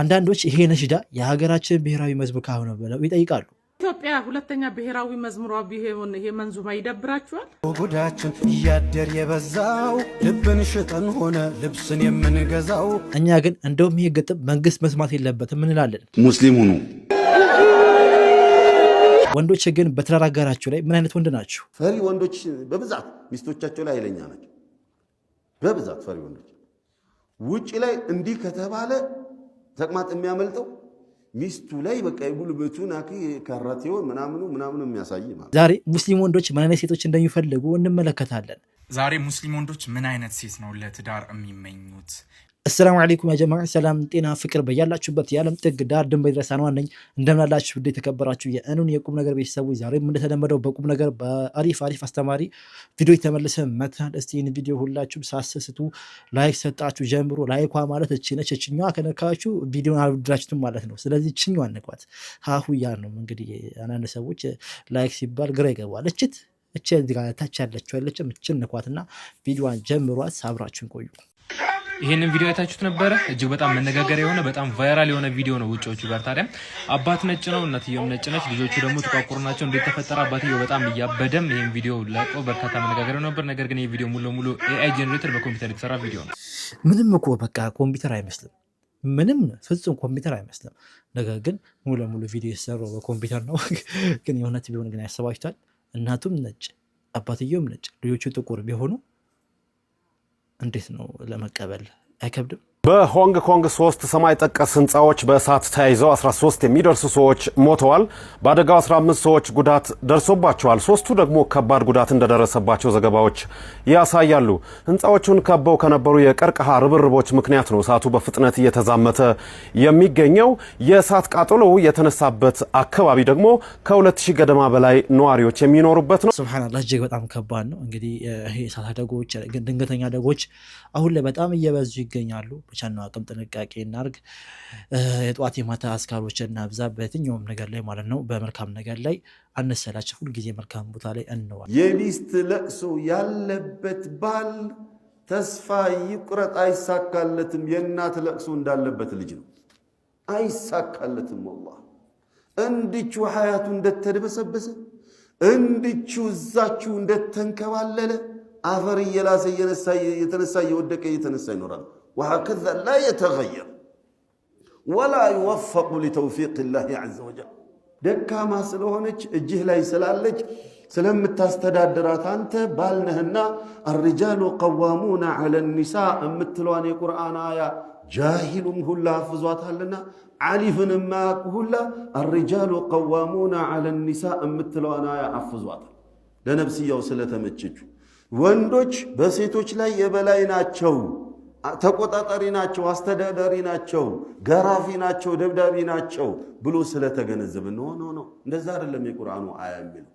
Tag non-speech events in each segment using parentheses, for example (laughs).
አንዳንዶች ይሄ ነሽዳ የሀገራችን ብሔራዊ መዝሙር ካልሆነ ብለው ይጠይቃሉ። ኢትዮጵያ ሁለተኛ ብሔራዊ መዝሙሯ ቢሆን ይሄ መንዙማ ይደብራችኋል? ጉዳችን እያደር የበዛው ልብን ሽጠን ሆነ ልብስን የምንገዛው እኛ ግን እንደውም ይሄ ግጥም መንግስት መስማት የለበትም እንላለን። ሙስሊም ሁኑ። ወንዶች ግን በትዳር አጋራችሁ ላይ ምን አይነት ወንድ ናችሁ? ፈሪ ወንዶች በብዛት ሚስቶቻቸው ላይ ኃይለኛ ናቸው። በብዛት ፈሪ ወንዶች ውጭ ላይ እንዲህ ከተባለ ተቅማጥ የሚያመልጠው ሚስቱ ላይ በቃ የጉልበቱን አክ ከረቴውን ምናምኑ ምናምኑ የሚያሳይ ማለት። ዛሬ ሙስሊም ወንዶች ምን አይነት ሴቶች እንደሚፈልጉ እንመለከታለን። ዛሬ ሙስሊም ወንዶች ምን አይነት ሴት ነው ለትዳር የሚመኙት? አሰላሙ አለይኩም ያጀማ ሰላም፣ ጤና፣ ፍቅር በያላችሁበት የዓለም ጥግ ዳር ድንበር ይድረሰን። ዋነኝ እንደምናላችሁ ውድ የተከበራችሁ የእኑን የቁም ነገር ቤተሰቦች ዛሬም እንደተለመደው በቁም ነገር በአሪፍ አሪፍ አስተማሪ ቪዲዮ የተመለሰ መተናል። እስቲ ይህን ቪዲዮ ሁላችሁም ሳስስቱ ላይክ ሰጣችሁ ጀምሮ ላይኳ ማለት እች ነች። እችኛዋ ከነካችሁ ቪዲዮን አልወደዳችሁትም ማለት ነው። ስለዚህ እችኛዋ ነቋት ሀሁ እያልን ነው። እንግዲህ አንዳንድ ሰዎች ላይክ ሲባል ግራ ይገባል። እችት እች ጋታች ያለችው ያለችም እችን ነኳትና ቪዲዮዋን ጀምሯት፣ አብራችሁን ቆዩ ይህንን ቪዲዮ አይታችሁት ነበረ። እጅግ በጣም መነጋገር የሆነ በጣም ቫይራል የሆነ ቪዲዮ ነው። ውጪዎቹ ጋር ታዲያ አባት ነጭ ነው፣ እናትየውም ነጭ ነች፣ ልጆቹ ደግሞ ጥቋቁር ናቸው። እንዴት ተፈጠረ? አባትየው በጣም እያበደም ይህን ቪዲዮ ለቆ በርካታ መነጋገሪያ ነበር። ነገር ግን ይህ ቪዲዮ ሙሉ ለሙሉ ኤአይ ጀኔሬተር በኮምፒውተር የተሰራ ቪዲዮ ነው። ምንም እኮ በቃ ኮምፒውተር አይመስልም፣ ምንም ፍጹም ኮምፒውተር አይመስልም። ነገር ግን ሙሉ ለሙሉ ቪዲዮ የተሰራው በኮምፒውተር ነው። (laughs) ግን የእውነት ቢሆን ግን ያሰባችታል። እናቱም ነጭ አባትየውም ነጭ ልጆቹ ጥቁር ቢሆኑ እንዴት ነው ለመቀበል አይከብድም? በሆንግ ኮንግ ሶስት ሰማይ ጠቀስ ህንፃዎች በእሳት ተያይዘው 13 የሚደርሱ ሰዎች ሞተዋል። በአደጋው 15 ሰዎች ጉዳት ደርሶባቸዋል። ሶስቱ ደግሞ ከባድ ጉዳት እንደደረሰባቸው ዘገባዎች ያሳያሉ። ህንፃዎቹን ከበው ከነበሩ የቀርቀሃ ርብርቦች ምክንያት ነው እሳቱ በፍጥነት እየተዛመተ የሚገኘው። የእሳት ቃጠሎ የተነሳበት አካባቢ ደግሞ ከ2000 ገደማ በላይ ነዋሪዎች የሚኖሩበት ነው። ስብሓንላህ እጅግ በጣም ከባድ ነው። እንግዲህ ይሄ እሳት አደጎች፣ ድንገተኛ አደጎች አሁን ላይ በጣም እየበዙ ይገኛሉ። ብቻ ነው አቅም ጥንቃቄ እናርግ። የጠዋት የማታ አስካሮች እናብዛ። በየትኛውም ነገር ላይ ማለት ነው፣ በመልካም ነገር ላይ አነሰላቸው። ሁልጊዜ መልካም ቦታ ላይ እንዋል። የሚስት ለቅሶ ያለበት ባል ተስፋ ይቁረጥ፣ አይሳካለትም። የእናት ለቅሶ እንዳለበት ልጅ ነው፣ አይሳካለትም። ወላሂ እንድቹ ሀያቱ እንደተደበሰበሰ እንድቹ እዛችሁ እንደተንከባለለ አፈር እየላሰ እየተነሳ እየወደቀ እየተነሳ ይኖራል። وهكذا لا يتغير ወላ ይወፈቁ ሊተውፊቅ ላህ ዘ ወጀል። ደካማ ስለሆነች እጅህ ላይ ስላለች ስለምታስተዳድራት አንተ ባልነህና አርጃሉ ቀዋሙና ዐለ ኒሳ የምትለዋን የቁርአን አያ ጃሂሉም ሁላ አፍዟታልና ዓሊፍን የማያውቅ ሁላ አርጃሉ ቀዋሙና ዐለ ኒሳ የምትለዋን አያ አፍዟታል። ለነፍስያው ስለተመቸች ወንዶች በሴቶች ላይ የበላይ ናቸው ተቆጣጣሪ ናቸው፣ አስተዳዳሪ ናቸው፣ ገራፊ ናቸው፣ ደብዳቢ ናቸው ብሎ ስለተገነዘብ ነው። ሆኖ ነው እንደዛ አይደለም የቁርአኑ አያ የሚለው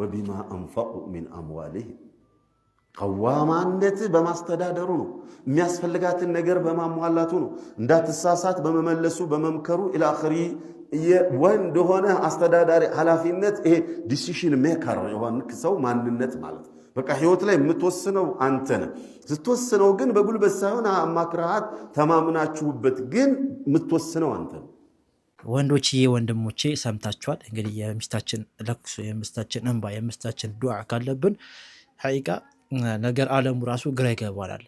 ወቢማ አንፈቁ ሚን አምዋሊህም ቀዋማነት በማስተዳደሩ ነው። የሚያስፈልጋትን ነገር በማሟላቱ ነው። እንዳትሳሳት በመመለሱ በመምከሩ ኢላአኽሪ ወንድ የሆነ አስተዳዳሪ ኃላፊነት፣ ይሄ ዲሲሽን ሜከር የሆንክ ሰው ማንነት ማለት ነው። በቃ ህይወት ላይ የምትወስነው አንተ ነህ። ስትወስነው ግን በጉልበት ሳይሆን አማክርሃት ተማምናችሁበት፣ ግን የምትወስነው አንተ ነህ። ወንዶችዬ ወንድሞቼ ሰምታችኋል። እንግዲህ የሚስታችን ለቅሶ፣ የሚስታችን እንባ፣ የሚስታችን ዱዓ ካለብን ሐቂቃ ነገር አለሙ ራሱ ግራ ይገባላል።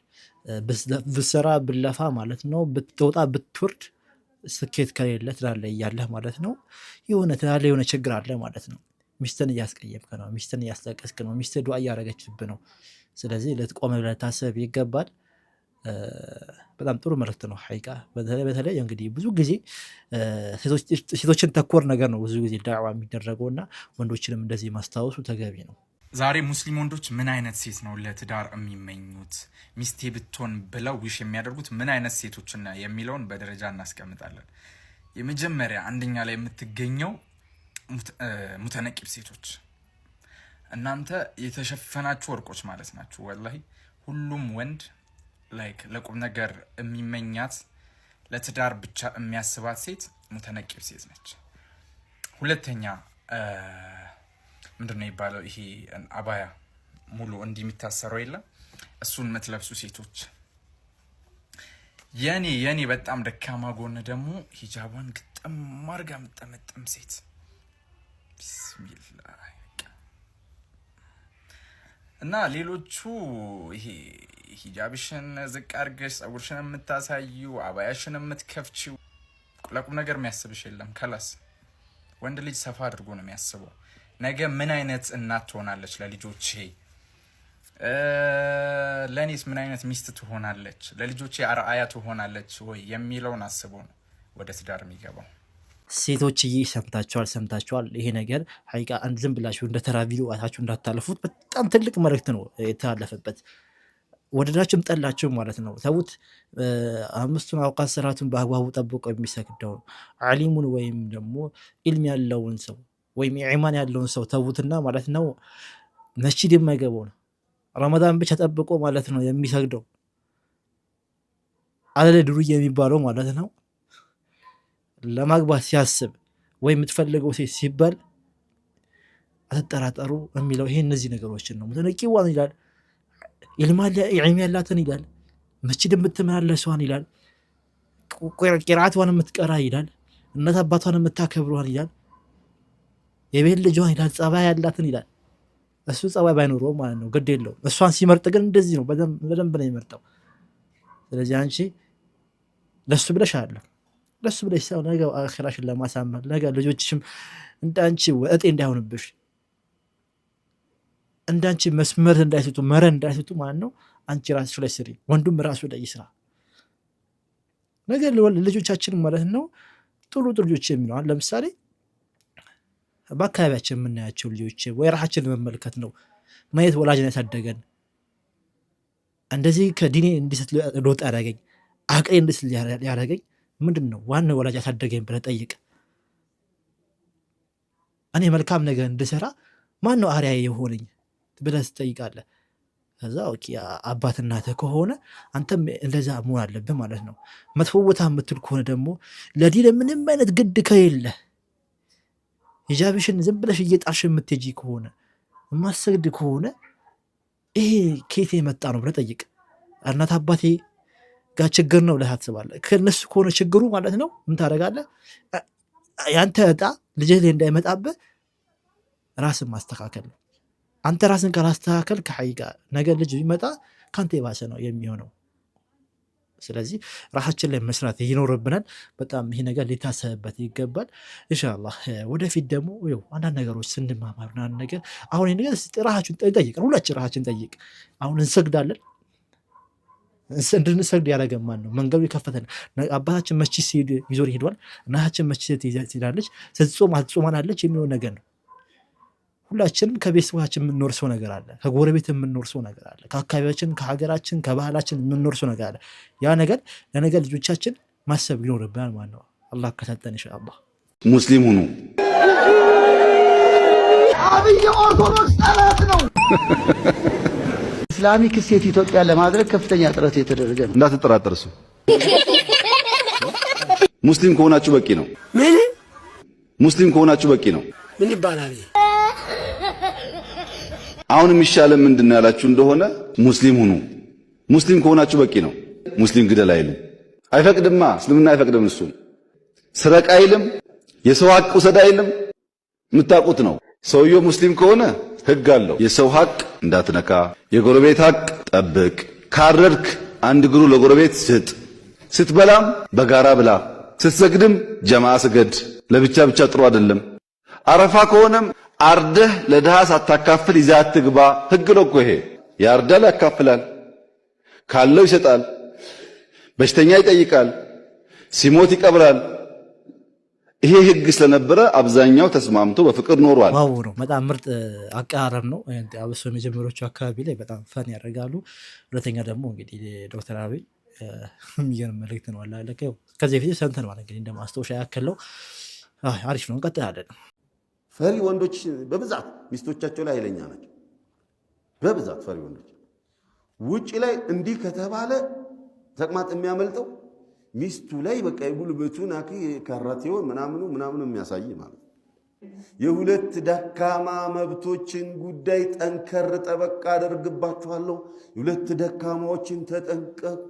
ብሰራ ብለፋ ማለት ነው ብትወጣ ብትወርድ ስኬት ከሌለ ትላለህ እያለህ ማለት ነው የሆነ ትላለህ የሆነ ችግር አለ ማለት ነው። ሚስትን እያስቀየምክ ነው፣ ሚስትን እያስጠቀስክ ነው፣ ሚስት ዱዓ እያደረገችብህ ነው። ስለዚህ ልትቆም ልታስብ ይገባል። በጣም ጥሩ መልእክት ነው ሐቂቃ። በተለይ በተለይ እንግዲህ ብዙ ጊዜ ሴቶችን ተኮር ነገር ነው ብዙ ጊዜ ዳዕዋ የሚደረገው እና ወንዶችንም እንደዚህ ማስታወሱ ተገቢ ነው። ዛሬ ሙስሊም ወንዶች ምን አይነት ሴት ነው ለትዳር የሚመኙት ሚስቴ ብትሆን ብለው ዊሽ የሚያደርጉት ምን አይነት ሴቶችና የሚለውን በደረጃ እናስቀምጣለን። የመጀመሪያ አንደኛ ላይ የምትገኘው ሙተነቂብ ሴቶች እናንተ የተሸፈናችሁ ወርቆች ማለት ናችሁ። ወላሂ ሁሉም ወንድ ላይክ ለቁም ነገር የሚመኛት ለትዳር ብቻ የሚያስባት ሴት ሙተነቂብ ሴት ነች። ሁለተኛ ምንድነው የሚባለው? ይሄ አባያ ሙሉ እንዲህ የሚታሰረው የለም እሱን የምትለብሱ ሴቶች። የኔ የኔ በጣም ደካማ ጎን ደግሞ ሂጃቧን ግጥም አድርጋ ምጠመጥም ሴት ቢስሚላ እና ሌሎቹ ይሄ ሂጃብሽን ዝቅ አድርገሽ ጸጉርሽን የምታሳዩ አባያሽን የምትከፍችው ለቁም ነገር የሚያስብሽ የለም። ከላስ ወንድ ልጅ ሰፋ አድርጎ ነው የሚያስበው። ነገ ምን አይነት እናት ትሆናለች ለልጆቼ፣ ለእኔስ ምን አይነት ሚስት ትሆናለች፣ ለልጆቼ አርአያ ትሆናለች ወይ የሚለውን አስቦ ነው ወደ ትዳር የሚገባው። ሴቶችዬ ሰምታችኋል ሰምታችኋል። ይሄ ነገር ሀቂቃ ዝም ብላችሁ እንደ ተራ ቪዲዮ አይታችሁ እንዳታለፉት። በጣም ትልቅ መልእክት ነው የተላለፈበት። ወደዳችሁም ጠላቸው ማለት ነው። ተዉት። አምስቱን አውቃት ስርዓቱን በአግባቡ ጠብቆ የሚሰግደውን አሊሙን ወይም ደግሞ ኢልም ያለውን ሰው ወይም የዒማን ያለውን ሰው ተዉትና ማለት ነው። መስጂድ የማይገባው ነው ረመዳን ብቻ ጠብቆ ማለት ነው የሚሰግደው አለለ ድሩ የሚባለው ማለት ነው ለማግባት ሲያስብ ወይም የምትፈልገው ሴት ሲባል አትጠራጠሩ የሚለው ይሄ እነዚህ ነገሮችን ነው። ሙተነቂዋን ይላል፣ ዒልም ያላትን ይላል፣ መስጂድ የምትመላለሷን ይላል፣ ቂራትዋን የምትቀራ ይላል፣ እናት አባቷን የምታከብሯን ይላል፣ የቤት ልጇን ይላል፣ ጸባይ ያላትን ይላል። እሱ ጸባይ ባይኖረው ማለት ነው፣ ግድ የለው። እሷን ሲመርጥ ግን እንደዚህ ነው፣ በደንብ ነው የሚመርጠው። ስለዚህ አንቺ ለሱ ብለሽ አለ ደስ ብለሽ ሰው ነገ አኼራሽን ለማሳመር ነገ ልጆችሽም እንዳንቺ ወጤ እንዳይሆንብሽ እንዳንቺ መስመር እንዳይሰጡ መረ እንዳይሰጡ ማለት ነው። አንቺ ራስሽ ላይ ስሪ፣ ወንዱም ራሱ ላይ ይስራ። ነገ ልጆቻችን ማለት ነው ጥሩ ጥሩ ልጆች የሚለዋል ለምሳሌ በአካባቢያችን የምናያቸው ልጆች ወይ ራሳችን መመልከት ነው ማየት ወላጅን ያሳደገን እንደዚህ ከዲኔ እንዲሰት ሎጥ ያደረገኝ አቅሬ እንዲስት ያደረገኝ ምንድን ነው ዋና ወላጅ አሳደገኝ ብለህ ጠይቅ። እኔ መልካም ነገር እንድሰራ ማን ነው አርያ የሆነኝ ብለህ ትጠይቃለህ። ከዛ አባት እናትህ ከሆነ አንተም እንደዛ መሆን አለብህ ማለት ነው። መጥፎ ቦታ የምትል ከሆነ ደግሞ ለዲን ምንም አይነት ግድ ከሌለ ሂጃብሽን ዝም ብለሽ እየጣልሽ የምትሄጂ ከሆነ የማሰግድ ከሆነ ይሄ ከየት የመጣ ነው ብለህ ጠይቅ። እናት አባቴ ጋር ችግር ነው ብለህ ታስባለህ። ከነሱ ከሆነ ችግሩ ማለት ነው ምን ታደርጋለህ? ያንተ እጣ ልጅህ ላይ እንዳይመጣብህ ራስን ማስተካከል ነው። አንተ ራስን ካላስተካከል ከሀይ ጋር ነገር ልጅ ቢመጣ ከአንተ የባሰ ነው የሚሆነው። ስለዚህ ራሳችን ላይ መስራት ይኖርብናል። በጣም ይሄ ነገር ሊታሰብበት ይገባል። ኢንሻላህ ወደፊት ደግሞ አንዳንድ ነገሮች ስንማማር አንዳንድ ነገር አሁን ነገር ራሳችን ጠይቅ፣ ሁላችን ራሳችን ጠይቅ። አሁን እንሰግዳለን እንድንሰግድ ያደረገን ማን ነው? መንገዱ የከፈተን አባታችን መቼ ሲሄድ ይዞን ሄዷል? እናታችን መቼ ትሄዳለች? ስትጾም አትጾማናለች? የሚሆን ነገር ነው። ሁላችንም የምንኖር ሰው ነገር አለ፣ ከጎረቤት የምንኖር ሰው ነገር አለ፣ ከአካባቢያችን፣ ከሀገራችን፣ ከባህላችን የምንኖር ሰው ነገር አለ። ያ ነገር ለነገ ልጆቻችን ማሰብ ይኖርብናል ማለት ነው። አላህ ከሰጠን ኢንሻአላህ ሙስሊም ሁኑ። አብይ ኦርቶዶክስ ጠላት ነው። ኢስላሚክ ስቴት ኢትዮጵያ ለማድረግ ከፍተኛ ጥረት የተደረገ ነው። እንዳትጠራጠር እሱ ሙስሊም ከሆናችሁ በቂ ነው። ምን ሙስሊም ከሆናችሁ በቂ ነው። ምን ይባላል? አሁን የሚሻለ ምንድን ነው ያላችሁ እንደሆነ ሙስሊም ሁኑ። ሙስሊም ከሆናችሁ በቂ ነው። ሙስሊም ግደል አይልም፣ አይፈቅድማ። እስልምና አይፈቅድም። እሱ ስረቅ አይልም፣ የሰው ሀቅ ውሰድ አይልም። የምታውቁት ነው። ሰውየው ሙስሊም ከሆነ ህግ አለው። የሰው ሀቅ እንዳትነካ፣ የጎረቤት ሀቅ ጠብቅ፣ ካረድክ አንድ እግሩ ለጎረቤት ስጥ፣ ስትበላም በጋራ ብላ፣ ስትሰግድም ጀማ ስገድ። ለብቻ ብቻ ጥሩ አይደለም። አረፋ ከሆነም አርደህ ለድሃ ሳታካፍል ይዘህ አትግባ። ህግ ነው እኮ ይሄ። ያርዳል፣ ያካፍላል፣ ካለው ይሰጣል፣ በሽተኛ ይጠይቃል፣ ሲሞት ይቀብራል። ይሄ ህግ ስለነበረ አብዛኛው ተስማምቶ በፍቅር ኖሯል። ዋው ነው። በጣም ምርጥ አቀራረብ ነው። አብሶ የመጀመሪያዎቹ አካባቢ ላይ በጣም ፈን ያደርጋሉ። ሁለተኛ ደግሞ እንግዲህ ዶክተር አብይ የሚገርም መልእክት ነው አለ ከዚህ በፊት ሰንተን ማለት እንግዲህ እንደማስታወሻ ያክል ነው። አሪፍ ነው። እንቀጥላለን። ፈሪ ወንዶች በብዛት ሚስቶቻቸው ላይ ኃይለኛ ናቸው። በብዛት ፈሪ ወንዶች ውጭ ላይ እንዲህ ከተባለ ተቅማጥ የሚያመልጠው ሚስቱ ላይ በቃ የጉልበቱን አክ ካራቴውን ምናምኑ ምናምኑ የሚያሳይ ማለት የሁለት ደካማ መብቶችን ጉዳይ ጠንከር ጠበቅ አደርግባችኋለሁ። የሁለት ደካማዎችን ተጠንቀቁ።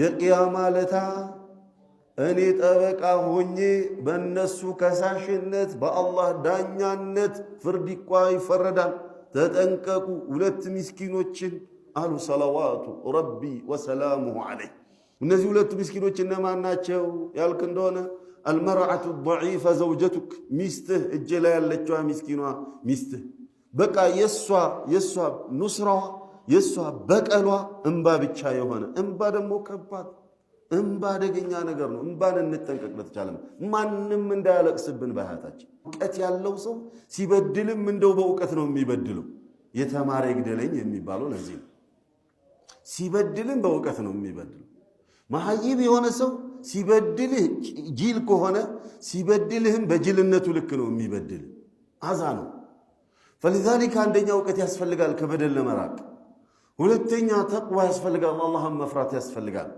የቅያማ ለታ እኔ ጠበቃ ሆኜ በእነሱ ከሳሽነት በአላህ ዳኛነት ፍርድ ይቋ ይፈረዳል። ተጠንቀቁ ሁለት ምስኪኖችን አሉ ሰላዋቱ ረቢ ወሰላሙሁ አለይ እነዚህ ሁለቱ ምስኪኖች እነማን ናቸው ያልክ እንደሆነ አልመርዓቱ ደዒፈ ዘውጀቱክ ሚስትህ እጅ ላይ ያለችዋ ምስኪኗ ሚስትህ በቃ የእሷ የሷ ኑስራዋ በቀሏ እምባ ብቻ የሆነ እምባ ደግሞ ከባድ እምባ አደገኛ ነገር ነው። እምባን እንጠንቀቅ በተቻለም ማንም እንዳያለቅስብን በሀያታችን። እውቀት ያለው ሰው ሲበድልም እንደው በእውቀት ነው የሚበድለው። የተማረ ይግደለኝ የሚባለው ለዚህ ነው። ሲበድልም በእውቀት ነው የሚበድለው። መሀይብ የሆነ ሰው ሲበድልህ ጅል ከሆነ ሲበድልህም በጅልነቱ ልክ ነው የሚበድል አዛ ነው። ፈሊዛሊክ አንደኛ እውቀት ያስፈልጋል ከበደል ለመራቅ። ሁለተኛ ተቅዋ ያስፈልጋል፣ አላህን መፍራት ያስፈልጋል።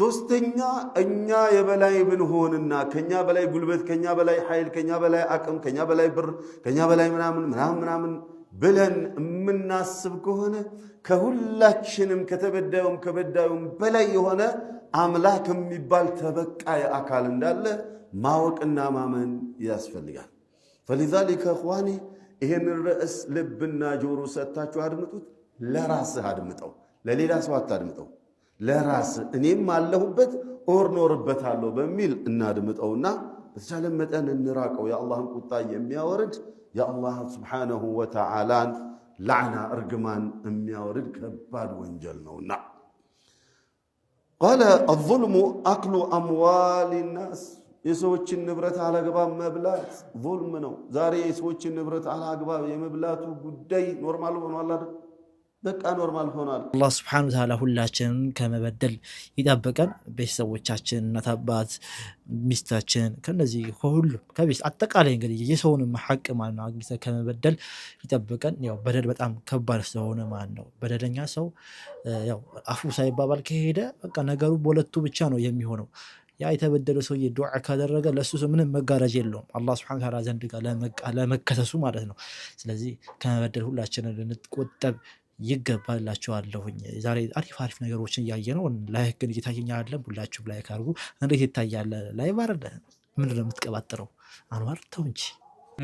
ሶስተኛ እኛ የበላይ ብንሆንና ከኛ በላይ ጉልበት፣ ከኛ በላይ ኃይል፣ ከኛ በላይ አቅም፣ ከኛ በላይ ብር፣ ከኛ በላይ ምናምን ምናምን ምናምን ብለን የምናስብ ከሆነ ከሁላችንም ከተበዳዩም ከበዳዩም በላይ የሆነ አምላክ የሚባል ተበቃይ አካል እንዳለ ማወቅና ማመን ያስፈልጋል። ፈሊዛሊከ እኽዋኒ ይህን ርዕስ ልብና ጆሮ ሰጥታችሁ አድምጡት። ለራስህ አድምጠው፣ ለሌላ ሰው አታድምጠው። ለራስህ እኔም አለሁበት ኦር ኖርበታለሁ በሚል እናድምጠውና በተቻለ መጠን እንራቀው። የአላህን ቁጣ የሚያወርድ የአላህ ስብሓነሁ ወተዓላን ላዕና እርግማን የሚያወርድ ከባድ ወንጀል ነውና። ቃለ አልظልሙ አክሉ አምዋል ናስ የሰዎችን ንብረት አላግባብ መብላት ظልም ነው። ዛሬ የሰዎችን ንብረት አላግባብ የመብላቱ ጉዳይ ኖርማል ሆኗል አይደል? በቃ ኖርማል ሆኗል። አላህ ስብሐነ ወተዓላ ሁላችንን ከመበደል ይጠብቀን። ቤተሰቦቻችን፣ እናት አባት፣ ሚስታችን ከነዚህ ሁሉም ከቤት አጠቃላይ እንግዲህ የሰውንም ሀቅ ማለት ነው አግኝተ ከመበደል ይጠብቀን። ያው በደል በጣም ከባድ ስለሆነ ማለት ነው በደለኛ ሰው ያው አፉ ሳይባባል ከሄደ በቃ ነገሩ በሁለቱ ብቻ ነው የሚሆነው። ያ የተበደለ ሰውዬ ዱዓ ካደረገ ለእሱ ምንም መጋረጅ የለውም አላህ ስብሐነ ወተዓላ ዘንድ ጋር ለመከሰሱ ማለት ነው። ስለዚህ ከመበደል ሁላችንን ልንቆጠብ ይገባላችኋለሁኝ። ዛሬ አሪፍ አሪፍ ነገሮችን እያየ ነው። ላይክ ግን እየታየኝ አይደለም። ሁላችሁም ላይክ አድርጉ። እንዴት ይታያል? ላይ ባረለ ምንድን ነው የምትቀባጥረው? አንዋር ተው እንጂ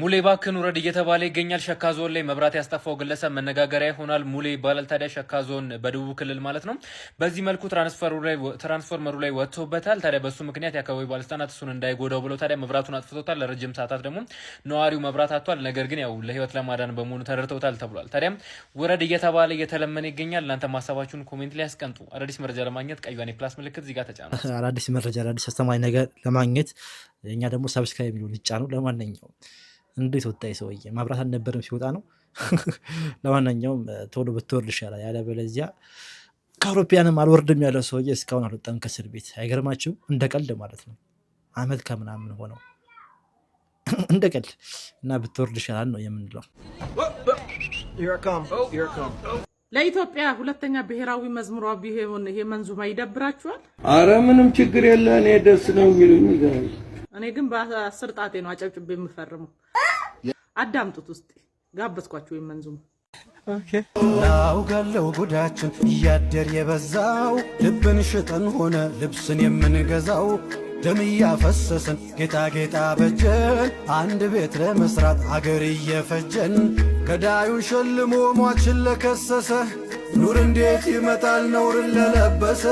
ሙሌ ባክን ውረድ እየተባለ ይገኛል። ሸካ ዞን ላይ መብራት ያስጠፋው ግለሰብ መነጋገሪያ ይሆናል። ሙሌ ይባላል። ታዲያ ሸካ ዞን በደቡብ ክልል ማለት ነው። በዚህ መልኩ ትራንስፎርመሩ ላይ ወጥቶበታል። ታዲያ በሱ ምክንያት የአካባቢ ባለስልጣናት እሱን እንዳይጎዳው ብለው ታዲያ መብራቱን አጥፍቶታል። ለረጅም ሰዓታት ደግሞ ነዋሪው መብራት አጥቷል። ነገር ግን ያው ለህይወት ለማዳን በመሆኑ ተረድተውታል ተብሏል። ታዲያ ውረድ እየተባለ እየተለመነ ይገኛል። እናንተ ማሰባችሁን ኮሜንት ላይ ያስቀምጡ። አዳዲስ መረጃ ለማግኘት ቀዩኔ ፕላስ ምልክት እዚህ ጋር (laughs) አዳዲስ መረጃ፣ አዳዲስ አስተማሪ ነገር ለማግኘት እኛ ደግሞ ሰብስክራይብ ሊሆን ይጫኑ። ለማንኛውም እንዴት ወጣ ሰውዬ? ማብራት አልነበረም ሲወጣ ነው። (laughs) ለማንኛውም ቶሎ ብትወርድ ይሻላል፣ ያለበለዚያ ከአውሮፓያንም አልወርድም ያለው ሰውዬ እስካሁን አልወጣም ከእስር ቤት። አይገርማችሁም? እንደ ቀልድ ማለት ነው። አመት ከምናምን ሆነው (laughs) እንደ ቀልድ እና ብትወርድ ይሻላል ነው የምንለው። ለኢትዮጵያ ሁለተኛ ብሔራዊ መዝሙሯ ቢሆን ይሄ መንዙማ ይደብራችኋል? አረ ምንም ችግር የለ እኔ ደስ ነው የሚሉኝ። እኔ ግን በአስር ጣቴ ነው አጨብጭብ የምፈርመው። አዳምጡት ውስጥ ጋበዝኳቸው ወይም መንዙም ናውጋለው ጉዳችን እያደር የበዛው ልብን ሽጠን ሆነ ልብስን የምንገዛው ደም እያፈሰስን ጌጣጌጣ በጀን አንድ ቤት ለመስራት አገር እየፈጀን ከዳዩን ሸልሞ ሟችን ለከሰሰ ኑር እንዴት ይመጣል ነውርን ለለበሰ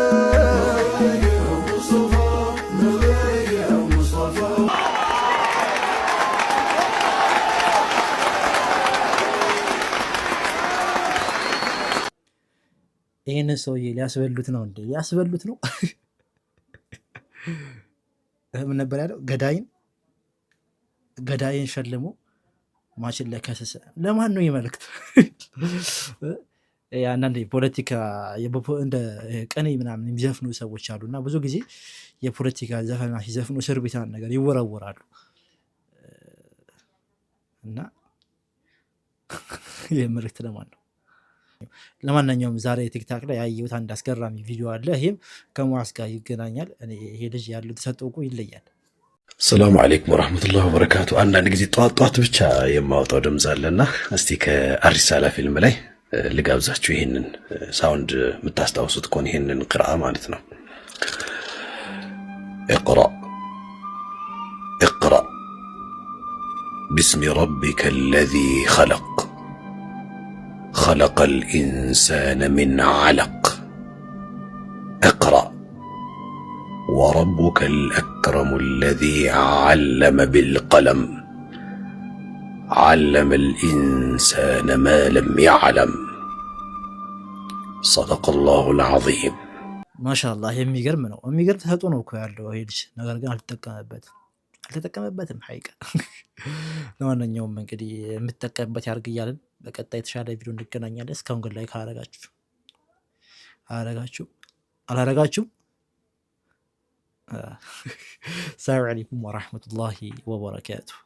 ይህን ሰውዬ ሊያስበሉት ነው እንዴ? ሊያስበሉት ነው። (laughs) ምን ነበር ያለው? ገዳይን ገዳይን ሸልሞ ማችን ለከሰሰ ለማን ነው ይመልክት? (laughs) አንዳንድ የፖለቲካ እንደ ቅኔ ምናምን የሚዘፍኑ ሰዎች አሉ እና ብዙ ጊዜ የፖለቲካ ዘፈና ሲዘፍኑ እስር ቤታን ነገር ይወረወራሉ እና (laughs) ይህ መልእክት ለማን ነው? ለማንኛውም ዛሬ ቲክታክ ላይ ያየሁት አንድ አስገራሚ ቪዲዮ አለ። ይህም ከሙዓዝ ጋር ይገናኛል። ይሄ ልጅ ያለው ተሰጥኦ ይለያል። ሰላሙ አሌይኩም ወረህመቱላህ ወበረካቱ። አንዳንድ ጊዜ ጠዋት ጠዋት ብቻ የማወጣው ድምፅ አለና እስቲ ከአሪሳላ ፊልም ላይ ልጋብዛችሁ። ይህንን ሳውንድ የምታስታውሱት ከሆነ ይህንን ቅርአ ማለት ነው። እቅራ እቅራ ብስሚ ረቢከ ለዚ ኸለቅ خلق الانسان من علق اقرا وربك الاكرم الذي علم بالقلم علم الانسان ما لم يعلم صدق الله العظيم ما شاء الله هي ميجر منو ميجر تهتون وكوير لو هيدش نقدر قال تتكلم بيت هل تتكلم بيت محيك لو أنا يوم من كذي متكلم بيت يارجيالن በቀጣይ የተሻለ ቪዲዮ እንገናኛለን። እስካሁን ግን ላይክ አረጋችሁ አረጋችሁ አላረጋችሁ። ሰላም አለይኩም ወራህመቱላሂ ወበረካቱሁ።